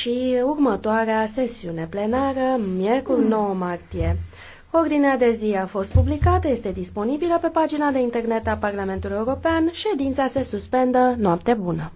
și următoarea sesiune plenară, miercuri 9 hmm. martie. Ordinea de zi a fost publicată, este disponibilă pe pagina de internet a Parlamentului European. Ședința se suspendă. Noapte bună!